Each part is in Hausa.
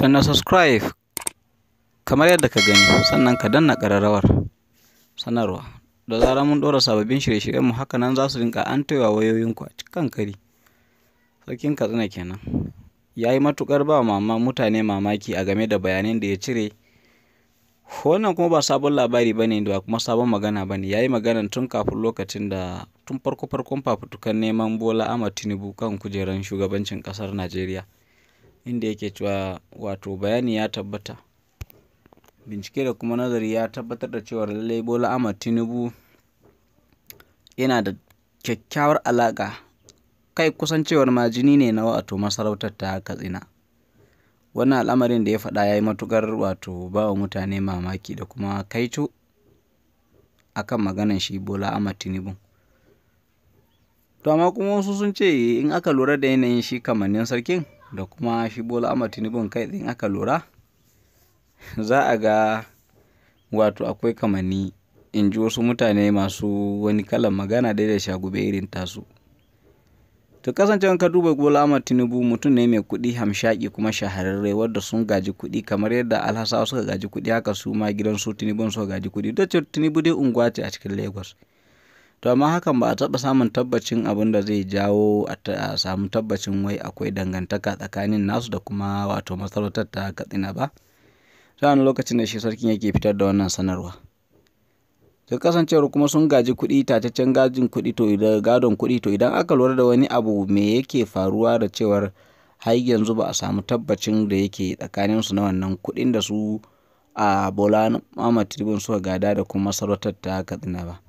danna subscribe kamar yadda ka gani sannan ka danna ƙararrawar sanarwa da zarar mun ɗora sababbin shirye-shiryenmu haka nan za su rinka an wayoyin wayoyinku a cikin kari sarkin katsina kenan ya yi matuƙar ba mama mutane mamaki a game da bayanan da ya cire wannan kuma ba sabon labari ba ne da kuma sabon magana bane. ne ya yi maganan tun kafin lokacin da tun farko-farkon fafutukan neman bola ama tinubu kan kujerar shugabancin kasar najeriya inda yake cewa wato bayani ya tabbata bincike da kuma nazari ya tabbatar da cewa lallai bola ahmad tinubu yana da kyakkyawar alaƙa kai kusan cewar ma ne na wato masarautar ta katsina wannan al'amarin da ya faɗa ya yi matukar wato ba wa mutane mamaki da kuma kaito akan maganan shi bola ahmad tinubu to amma kuma wasu sun ce in aka lura da yanayin shi kamannin sarkin da kuma shi bola amma tinubun kai din aka lura za a ga wato akwai kamanni in ji wasu mutane masu wani kalan magana dai da shagube irin tasu to kasancewa ka duba bola amma tinubu mutum ne mai kuɗi hamshaki kuma shahararre wadda sun gaji kuɗi kamar yadda alhassawa suka gaji kuɗi haka su ma gidan su tinubun suka gaji kuɗi da tinubu dai unguwa ce a cikin lagos to amma hakan ba a taɓa samun tabbacin abin da zai jawo a samu tabbacin wai akwai dangantaka tsakanin nasu da kuma wato masarautar ta katsina ba ta lokacin da shi sarkin yake fitar da wannan sanarwa ta kasancewar kuma sun gaji kuɗi tataccen gajin kuɗi to idan gadon kuɗi to idan aka lura da wani abu me yake faruwa da cewar har yanzu ba a samu tabbacin da yake tsakanin su na wannan kuɗin da su a bola Ahmad Tribune suka gada da kuma masarautar ta Katsina ba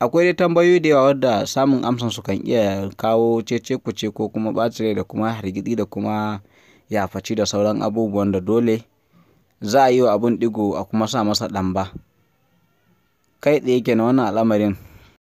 akwai dai tambayoyi da yawa wadda samun amsan su kan iya kawo cece kuce ko kuma ɓacin da kuma hargitsi da kuma yafaci da sauran abubuwan da dole za a yi wa abun digo a kuma sa masa ɗan ba kai tsaye kenan wannan al'amarin